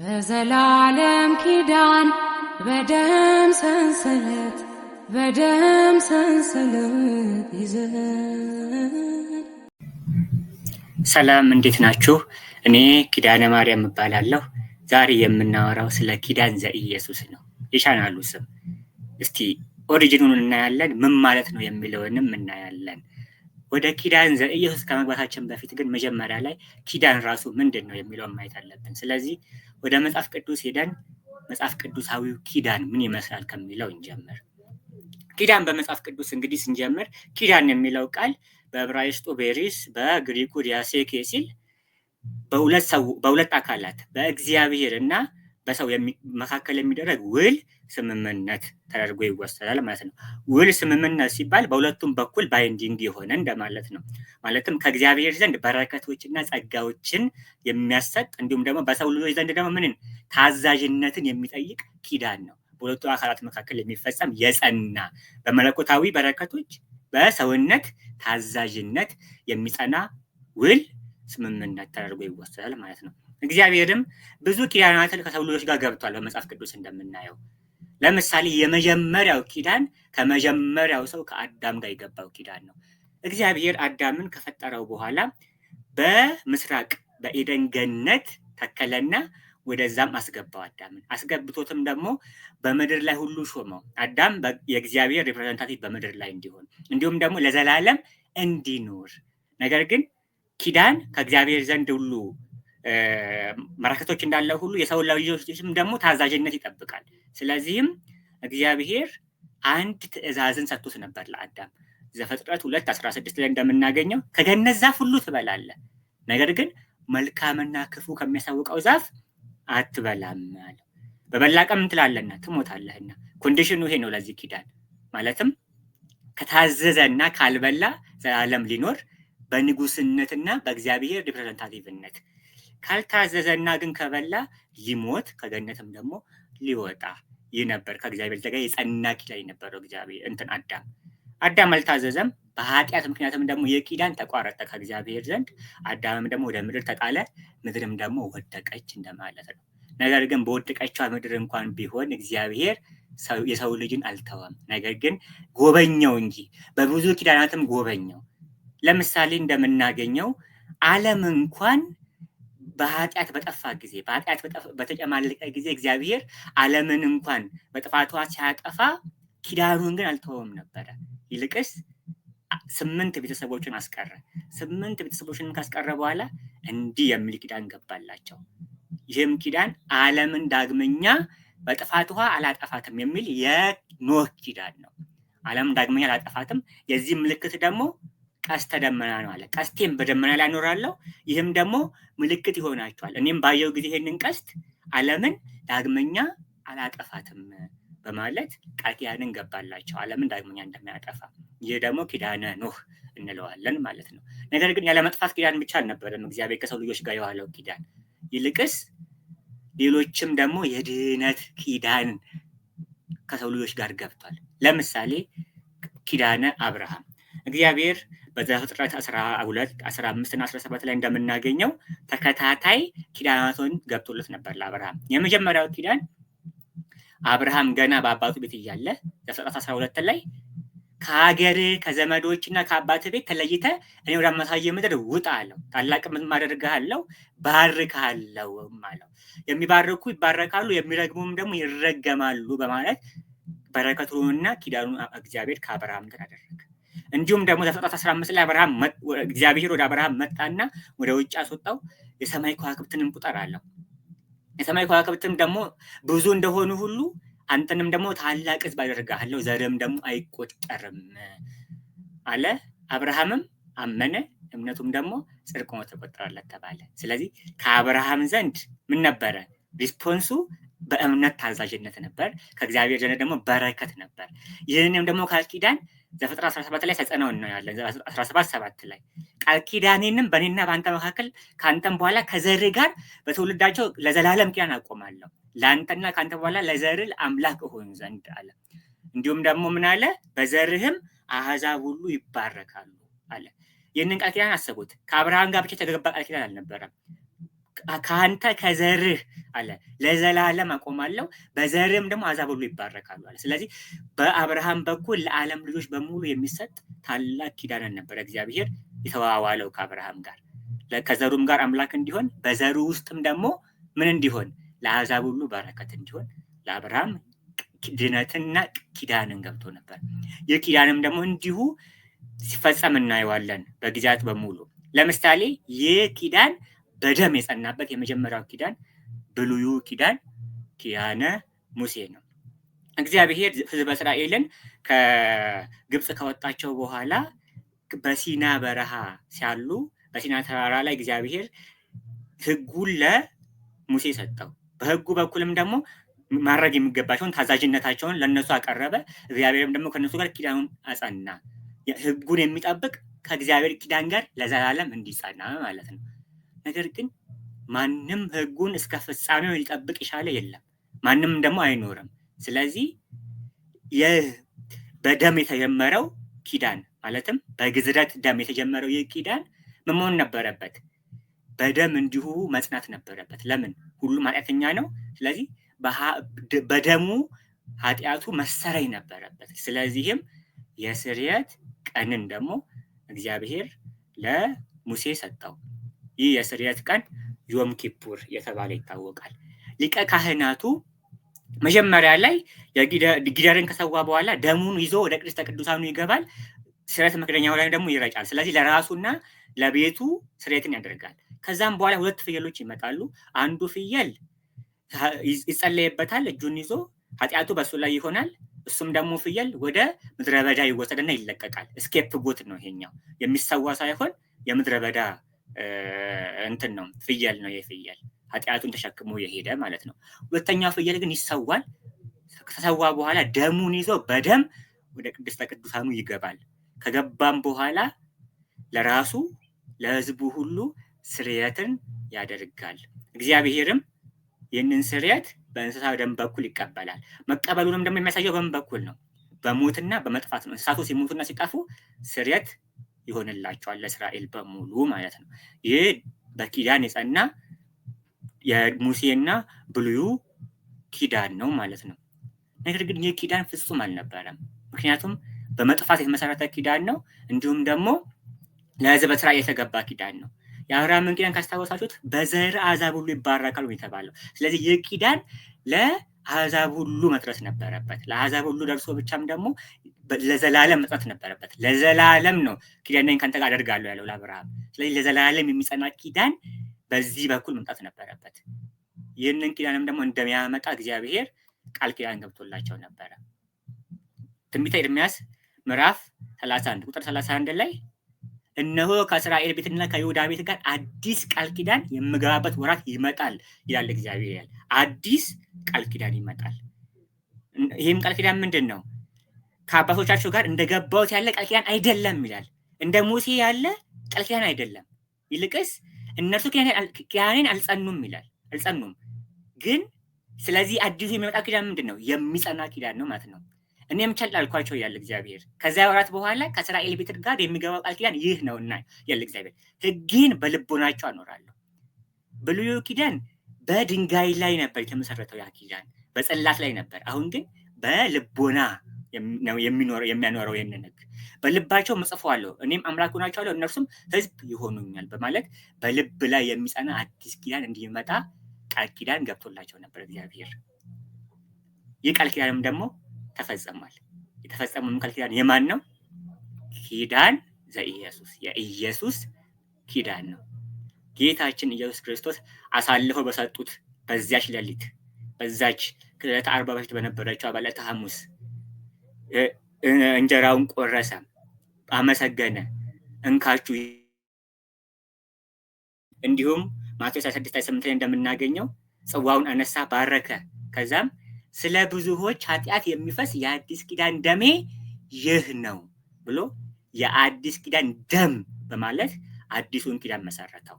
በዘላለም ኪዳን በደም ሰንሰለት በደም ሰንሰለት ይዘ ሰላም፣ እንዴት ናችሁ? እኔ ኪዳነ ማርያም እባላለሁ። ዛሬ የምናወራው ስለ ኪዳን ዘኢየሱስ ነው የቻናሉ ስም። እስቲ ኦሪጂኑን እናያለን፣ ምን ማለት ነው የሚለውንም እናያለን። ወደ ኪዳን ዘኢየሱስ ከመግባታችን በፊት ግን መጀመሪያ ላይ ኪዳን ራሱ ምንድን ነው የሚለውን ማየት አለብን። ስለዚህ ወደ መጽሐፍ ቅዱስ ሄደን መጽሐፍ ቅዱሳዊው ኪዳን ምን ይመስላል ከሚለው እንጀምር። ኪዳን በመጽሐፍ ቅዱስ እንግዲህ ስንጀምር ኪዳን የሚለው ቃል በዕብራይስጡ ቤሪስ በግሪኩ ዲያሴኬ ሲል በሁለት አካላት በእግዚአብሔር እና በሰው መካከል የሚደረግ ውል ስምምነት ተደርጎ ይወሰዳል ማለት ነው። ውል ስምምነት ሲባል በሁለቱም በኩል ባይንዲንግ የሆነ እንደማለት ነው። ማለትም ከእግዚአብሔር ዘንድ በረከቶችና ጸጋዎችን የሚያሰጥ እንዲሁም ደግሞ በሰው ልጆች ዘንድ ደግሞ ምንን ታዛዥነትን የሚጠይቅ ኪዳን ነው። በሁለቱ አካላት መካከል የሚፈጸም የጸና በመለኮታዊ በረከቶች በሰውነት ታዛዥነት የሚጸና ውል ስምምነት ተደርጎ ይወሰዳል ማለት ነው። እግዚአብሔርም ብዙ ኪዳናትን ከሰው ልጆች ጋር ገብቷል በመጽሐፍ ቅዱስ እንደምናየው ለምሳሌ የመጀመሪያው ኪዳን ከመጀመሪያው ሰው ከአዳም ጋር የገባው ኪዳን ነው። እግዚአብሔር አዳምን ከፈጠረው በኋላ በምስራቅ በኤደን ገነት ተከለና ወደዛም አስገባው። አዳምን አስገብቶትም ደግሞ በምድር ላይ ሁሉ ሾመው። አዳም የእግዚአብሔር ሪፕሬዘንታቲቭ በምድር ላይ እንዲሆን እንዲሁም ደግሞ ለዘላለም እንዲኖር ነገር ግን ኪዳን ከእግዚአብሔር ዘንድ ሁሉ በረከቶች እንዳለ ሁሉ የሰው ልጆችም ደግሞ ታዛዥነት ይጠብቃል። ስለዚህም እግዚአብሔር አንድ ትእዛዝን ሰጥቶት ነበር ለአዳም ዘፍጥረት ሁለት አስራ ስድስት ላይ እንደምናገኘው ከገነት ዛፍ ሁሉ ትበላለ፣ ነገር ግን መልካምና ክፉ ከሚያሳውቀው ዛፍ አትበላም አለ። በበላ ቀን ትሞታለህና። ኮንዲሽኑ ይሄ ነው ለዚህ ኪዳን ማለትም ከታዘዘና ካልበላ ዘላለም ሊኖር በንጉስነትና በእግዚአብሔር ሪፕሬዘንታቲቭነት ካልታዘዘና ግን ከበላ ሊሞት ከገነትም ደግሞ ሊወጣ ይህ ነበር። ከእግዚአብሔር ዘጋ የጸና ኪዳን የነበረው እግዚአብሔር እንትን አዳም አዳም አልታዘዘም። በኃጢአት ምክንያትም ደግሞ የኪዳን ተቋረጠ ከእግዚአብሔር ዘንድ። አዳምም ደግሞ ወደ ምድር ተጣለ፣ ምድርም ደግሞ ወደቀች እንደማለት ነው። ነገር ግን በወደቀቿ ምድር እንኳን ቢሆን እግዚአብሔር የሰው ልጅን አልተወም፣ ነገር ግን ጎበኘው እንጂ በብዙ ኪዳናትም ጎበኘው። ለምሳሌ እንደምናገኘው አለም እንኳን በኃጢአት በጠፋ ጊዜ በኃጢአት በተጨማለቀ ጊዜ እግዚአብሔር ዓለምን እንኳን በጥፋቷ ሲያጠፋ ኪዳኑን ግን አልተወውም ነበረ። ይልቅስ ስምንት ቤተሰቦችን አስቀረ። ስምንት ቤተሰቦችን ካስቀረ በኋላ እንዲህ የሚል ኪዳን ገባላቸው። ይህም ኪዳን ዓለምን ዳግመኛ በጥፋት ውሃ አላጠፋትም የሚል የኖህ ኪዳን ነው። ዓለምን ዳግመኛ አላጠፋትም። የዚህ ምልክት ደግሞ ቀስተ ደመና ነው አለ። ቀስቴም በደመና ላይ አኖራለሁ፣ ይህም ደግሞ ምልክት ይሆናቸዋል። እኔም ባየው ጊዜ ይሄንን ቀስት ዓለምን ዳግመኛ አላጠፋትም በማለት ቃል ኪዳንን ገባላቸው፣ ዓለምን ዳግመኛ እንደማያጠፋ። ይህ ደግሞ ኪዳነ ኖህ እንለዋለን ማለት ነው። ነገር ግን ያለመጥፋት ኪዳን ብቻ አልነበረም እግዚአብሔር ከሰው ልጆች ጋር የዋለው ኪዳን፣ ይልቅስ ሌሎችም ደግሞ የድህነት ኪዳን ከሰው ልጆች ጋር ገብቷል። ለምሳሌ ኪዳነ አብርሃም እግዚአብሔር በዘፍጥረት 12 15 እና 17 ላይ እንደምናገኘው ተከታታይ ኪዳናቶን ገብቶለት ነበር ለአብርሃም። የመጀመሪያው ኪዳን አብርሃም ገና በአባቱ ቤት እያለ ዘፍጥረት 12 ላይ ከሀገር ከዘመዶች እና ከአባት ቤት ተለይተ እኔ ወደ አመሳየ ምድር ውጣ አለው። ታላቅ ምን አደርግሃለሁ፣ ባርክሃለሁም አለው። የሚባርኩ ይባረካሉ፣ የሚረግሙም ደግሞ ይረገማሉ በማለት በረከቱንና ኪዳኑን እግዚአብሔር ከአብርሃም ጋር አደረገ። እንዲሁም ደግሞ ዘፍጥረት 15 ላይ አብርሃም እግዚአብሔር ወደ አብርሃም መጣና ወደ ውጭ አስወጣው። የሰማይ ከዋክብትንም ቁጥር አለው። የሰማይ ከዋክብትም ደግሞ ብዙ እንደሆኑ ሁሉ አንተንም ደግሞ ታላቅ ሕዝብ አደርግሃለሁ፣ ዘርም ደግሞ አይቆጠርም አለ። አብርሃምም አመነ፣ እምነቱም ደግሞ ጽድቅ ሆኖ ተቆጠረለት ተባለ። ስለዚህ ከአብርሃም ዘንድ ምን ነበረ ሪስፖንሱ? በእምነት ታዛዥነት ነበር። ከእግዚአብሔር ዘንድ ደግሞ በረከት ነበር። ይህንም ደግሞ ቃል ኪዳን ዘፍጥረት 17 ላይ ተጽዕኖውን ነው ያለን 17 ሰባት ላይ ቃል ኪዳኔንም በእኔና በአንተ መካከል ከአንተም በኋላ ከዘር ጋር በትውልዳቸው ለዘላለም ኪዳን አቆማለሁ ለአንተና ከአንተ በኋላ ለዘርል አምላክ እሆን ዘንድ አለ። እንዲሁም ደግሞ ምን አለ? በዘርህም አህዛብ ሁሉ ይባረካሉ አለ። ይህንን ቃል ኪዳን አሰቡት። ከአብርሃም ጋር ብቻ የተገባ ቃል ኪዳን አልነበረም። ከአንተ ከዘርህ አለ ለዘላለም አቆማለሁ፣ በዘርህም ደግሞ አዛብ ሁሉ ይባረካሉ አለ። ስለዚህ በአብርሃም በኩል ለዓለም ልጆች በሙሉ የሚሰጥ ታላቅ ኪዳንን ነበረ እግዚአብሔር የተዋዋለው ከአብርሃም ጋር ከዘሩም ጋር አምላክ እንዲሆን በዘሩ ውስጥም ደግሞ ምን እንዲሆን ለአዛብ ሁሉ በረከት እንዲሆን ለአብርሃም ድነትና ኪዳንን ገብቶ ነበር። ይህ ኪዳንም ደግሞ እንዲሁ ሲፈጸም እናየዋለን በጊዜያት በሙሉ ለምሳሌ ይህ ኪዳን በደም የጸናበት የመጀመሪያው ኪዳን ብሉዩ ኪዳን ኪያነ ሙሴ ነው። እግዚአብሔር ሕዝበ እስራኤልን ከግብፅ ከወጣቸው በኋላ በሲና በረሃ ሲያሉ በሲና ተራራ ላይ እግዚአብሔር ሕጉን ለሙሴ ሰጠው። በሕጉ በኩልም ደግሞ ማድረግ የሚገባቸውን ታዛዥነታቸውን ለእነሱ አቀረበ። እግዚአብሔርም ደግሞ ከእነሱ ጋር ኪዳኑን አጸና። ሕጉን የሚጠብቅ ከእግዚአብሔር ኪዳን ጋር ለዘላለም እንዲጸና ማለት ነው። ነገር ግን ማንም ህጉን እስከ ፍጻሜው ሊጠብቅ ይሻለ የለም፣ ማንም ደግሞ አይኖርም። ስለዚህ በደም የተጀመረው ኪዳን ማለትም በግዝረት ደም የተጀመረው ይህ ኪዳን ምን መሆን ነበረበት? በደም እንዲሁ መጽናት ነበረበት። ለምን? ሁሉም ኃጢአተኛ ነው። ስለዚህ በደሙ ኃጢአቱ መሰረይ ነበረበት። ስለዚህም የስርየት ቀንን ደግሞ እግዚአብሔር ለሙሴ ሰጠው። ይህ የስርየት ቀን ዮም ኪፑር የተባለ ይታወቃል። ሊቀ ካህናቱ መጀመሪያ ላይ ጊደርን ከሰዋ በኋላ ደሙን ይዞ ወደ ቅድስተ ቅዱሳኑ ይገባል። ስርየት መክደኛው ላይ ደግሞ ይረጫል። ስለዚህ ለራሱና ለቤቱ ስርየትን ያደርጋል። ከዛም በኋላ ሁለት ፍየሎች ይመጣሉ። አንዱ ፍየል ይጸለይበታል፣ እጁን ይዞ ኃጢአቱ በእሱ ላይ ይሆናል። እሱም ደግሞ ፍየል ወደ ምድረ በዳ ይወሰድና ይለቀቃል። እስኬፕ ጎት ነው ይሄኛው፣ የሚሰዋ ሳይሆን የምድረ በዳ እንትን ነው ፍየል ነው የፍየል ኃጢአቱን ተሸክሞ የሄደ ማለት ነው። ሁለተኛው ፍየል ግን ይሰዋል። ከተሰዋ በኋላ ደሙን ይዞ በደም ወደ ቅድስተ ቅዱሳኑ ይገባል። ከገባም በኋላ ለራሱ ለህዝቡ ሁሉ ስርየትን ያደርጋል። እግዚአብሔርም ይህንን ስርየት በእንስሳ ደም በኩል ይቀበላል። መቀበሉንም ደግሞ የሚያሳየው በምን በኩል ነው? በሞትና በመጥፋት ነው። እንስሳቱ ሲሞቱና ሲጠፉ ስርየት ይሆንላቸዋል ለእስራኤል በሙሉ ማለት ነው። ይህ በኪዳን የጸና የሙሴና ብሉዩ ኪዳን ነው ማለት ነው። ነገር ግን ይህ ኪዳን ፍጹም አልነበረም። ምክንያቱም በመጥፋት የተመሰረተ ኪዳን ነው። እንዲሁም ደግሞ ለሕዝብ እስራኤል የተገባ ኪዳን ነው። የአብርሃምን ኪዳን ካስታወሳችሁት በዘር አዛብ ሁሉ ይባረካል የተባለው። ስለዚህ ይህ ኪዳን አሕዛብ ሁሉ መድረስ ነበረበት። ለአሕዛብ ሁሉ ደርሶ ብቻም ደግሞ ለዘላለም መጽናት ነበረበት። ለዘላለም ነው ኪዳኔን ከአንተ ጋር አደርጋለሁ ያለው ለአብርሃም። ስለዚህ ለዘላለም የሚጸና ኪዳን በዚህ በኩል መምጣት ነበረበት። ይህንን ኪዳንም ደግሞ እንደሚያመጣ እግዚአብሔር ቃል ኪዳን ገብቶላቸው ነበረ። ትንቢተ ኤርምያስ ምዕራፍ 31 ቁጥር 31 ላይ እነሆ ከእስራኤል ቤትና ከይሁዳ ቤት ጋር አዲስ ቃል ኪዳን የምገባበት ወራት ይመጣል ይላል እግዚአብሔር። ያል አዲስ ቃል ኪዳን ይመጣል። ይህም ቃል ኪዳን ምንድን ነው? ከአባቶቻቸው ጋር እንደገባሁት ያለ ቃል ኪዳን አይደለም ይላል። እንደ ሙሴ ያለ ቃል ኪዳን አይደለም። ይልቅስ እነርሱ ኪዳኔን አልጸኑም ይላል። አልጸኑም ግን ስለዚህ አዲሱ የሚመጣ ኪዳን ምንድን ነው? የሚጸና ኪዳን ነው ማለት ነው። እኔም ቸል አልኳቸው ያለ እግዚአብሔር። ከዚያ ወራት በኋላ ከእስራኤል ቤት ጋር የሚገባው ቃል ኪዳን ይህ ነውና ያለ እግዚአብሔር ህጌን በልቦናቸው አኖራለሁ። ብሉይ ኪዳን በድንጋይ ላይ ነበር የተመሰረተው፣ ያ ኪዳን በጽላት ላይ ነበር። አሁን ግን በልቦና የሚኖረው የሚያኖረው ይህንን ሕግ በልባቸው እጽፈዋለሁ፣ እኔም አምላክ ሆናቸዋለሁ፣ እነርሱም ህዝብ ይሆኑኛል በማለት በልብ ላይ የሚጸና አዲስ ኪዳን እንዲመጣ ቃል ኪዳን ገብቶላቸው ነበር እግዚአብሔር። ይህ ቃል ኪዳንም ደግሞ ተፈጸሟል። የተፈጸመው ቃል ኪዳን የማን ነው? ኪዳን ዘኢየሱስ የኢየሱስ ኪዳን ነው። ጌታችን ኢየሱስ ክርስቶስ አሳልፈው በሰጡት በዚያች ሌሊት በዛች ከዕለተ አርባ በፊት በነበረችው በዕለተ ሐሙስ እንጀራውን ቆረሰ፣ አመሰገነ፣ እንካችሁ እንዲሁም ማቴዎስ 26 28 እንደምናገኘው ጽዋውን አነሳ፣ ባረከ ከዛም ስለ ብዙዎች ኃጢአት የሚፈስ የአዲስ ኪዳን ደሜ ይህ ነው ብሎ የአዲስ ኪዳን ደም በማለት አዲሱን ኪዳን መሰረተው።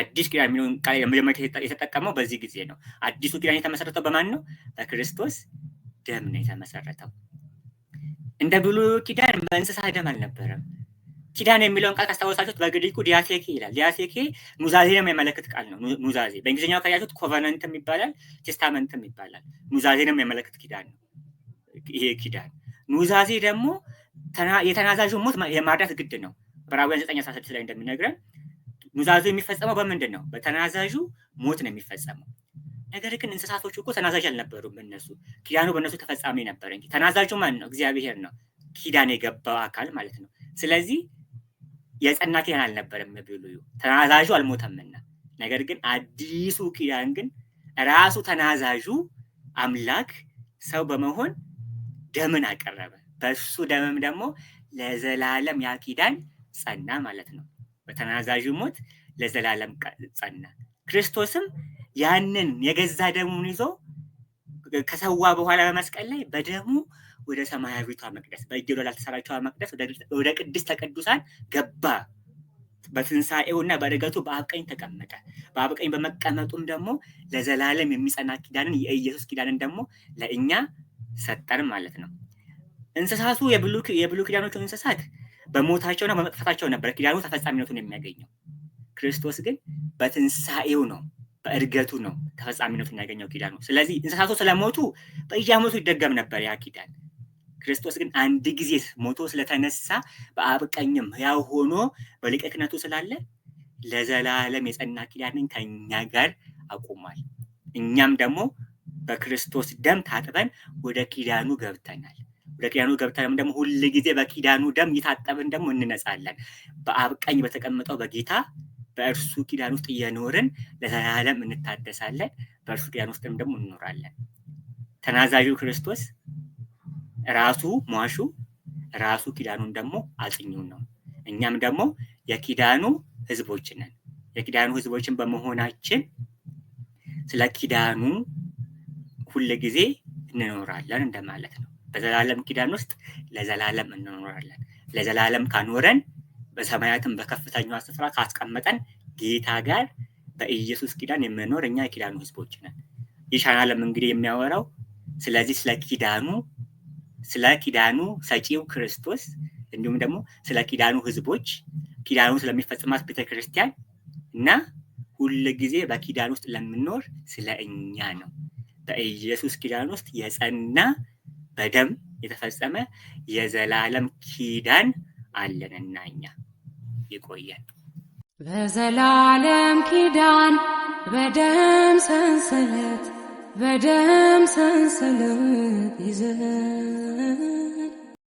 አዲስ ኪዳን የሚለውን ቃል የመጀመሪያ የተጠቀመው በዚህ ጊዜ ነው። አዲሱ ኪዳን የተመሰረተው በማን ነው? በክርስቶስ ደም ነው የተመሰረተው። እንደ ብሉ ኪዳን በእንስሳ ደም አልነበረም። ኪዳን የሚለውን ቃል ካስታወሳችሁት በግሪኩ ዲያቴኬ ይላል። ዲያቴኬ ነው የሚያመለክት ቃል ነው። ኑዛዜ በእንግሊዝኛው ካያችሁት ኮቨነንትም ይባላል፣ ቴስታመንትም ይባላል። ነው የሚያመለክት ኪዳን ነው ይሄ ኪዳን። ኑዛዜ ደግሞ የተናዛዡን ሞት የማርዳት ግድ ነው። በዕብራውያን 9፥16 ላይ እንደሚነግረን ኑዛዙ የሚፈጸመው በምንድን ነው? በተናዛዡ ሞት ነው የሚፈጸመው። ነገር ግን እንስሳቶቹ እኮ ተናዛዥ አልነበሩም። እነሱ ኪዳኑ በእነሱ ተፈጻሚ ነበር እንጂ ተናዛዡ ማን ነው? እግዚአብሔር ነው፣ ኪዳን የገባው አካል ማለት ነው። ስለዚህ የጸና ኪዳን አልነበረም ብሉዩ ተናዛዡ አልሞተምና። ነገር ግን አዲሱ ኪዳን ግን ራሱ ተናዛዡ አምላክ ሰው በመሆን ደምን አቀረበ። በሱ ደምም ደግሞ ለዘላለም ያ ኪዳን ጸና ማለት ነው። በተናዛዡ ሞት ለዘላለም ጸና። ክርስቶስም ያንን የገዛ ደሙን ይዞ ከሰዋ በኋላ በመስቀል ላይ በደሙ ወደ ሰማያዊቷ መቅደስ በእጀሎ ላልተሰራችዋ መቅደስ ወደ ቅድስተ ቅዱሳን ገባ። በትንሣኤው እና በዕርገቱ በአብ ቀኝ ተቀመጠ። በአብ ቀኝ በመቀመጡም ደግሞ ለዘላለም የሚጸና ኪዳንን የኢየሱስ ኪዳንን ደግሞ ለእኛ ሰጠን ማለት ነው። እንስሳቱ የብሉ ኪዳኖቹ እንስሳት በሞታቸውና በመጥፋታቸው ነበር ኪዳኑ ተፈጻሚነቱን የሚያገኘው። ክርስቶስ ግን በትንሣኤው ነው በእድገቱ ነው ተፈጻሚነቱን ያገኘው ኪዳኑ። ስለዚህ እንስሳቱ ስለሞቱ በየዓመቱ ይደገም ነበር ያ ኪዳን። ክርስቶስ ግን አንድ ጊዜ ሞቶ ስለተነሳ በአብ ቀኝም ሆኖ በሊቀ ክህነቱ ስላለ ለዘላለም የጸና ኪዳንን ከኛ ጋር አቁሟል። እኛም ደግሞ በክርስቶስ ደም ታጥበን ወደ ኪዳኑ ገብተናል። ወደ ኪዳኑ ገብተንም ደግሞ ሁል ጊዜ በኪዳኑ ደም እየታጠብን ደግሞ እንነጻለን። በአብ ቀኝ በተቀመጠው በጌታ በእርሱ ኪዳን ውስጥ እየኖርን ለዘላለም እንታደሳለን። በእርሱ ኪዳን ውስጥም ደግሞ እንኖራለን። ተናዛዡ ክርስቶስ ራሱ ሟሹ ራሱ ኪዳኑን ደግሞ አጽኙን ነው። እኛም ደግሞ የኪዳኑ ህዝቦች ነን። የኪዳኑ ህዝቦችን በመሆናችን ስለ ኪዳኑ ሁል ጊዜ እንኖራለን እንደማለት ነው። በዘላለም ኪዳን ውስጥ ለዘላለም እንኖራለን። ለዘላለም ካኖረን በሰማያትም በከፍተኛ ስፍራ ካስቀመጠን ጌታ ጋር በኢየሱስ ኪዳን የምንኖር እኛ የኪዳኑ ህዝቦች ነን። ይህ ቻናልም እንግዲህ የሚያወራው ስለዚህ ስለ ኪዳኑ ስለ ኪዳኑ ሰጪው ክርስቶስ እንዲሁም ደግሞ ስለ ኪዳኑ ህዝቦች፣ ኪዳኑ ስለሚፈጽማት ቤተክርስቲያን እና ሁል ጊዜ በኪዳን ውስጥ ለምንኖር ስለ እኛ ነው። በኢየሱስ ኪዳን ውስጥ የጸና በደም የተፈጸመ የዘላለም ኪዳን አለንና እኛ ይቆየን። በዘላለም ኪዳን በደም ሰንሰለት በደም ሰንሰለት ይዘ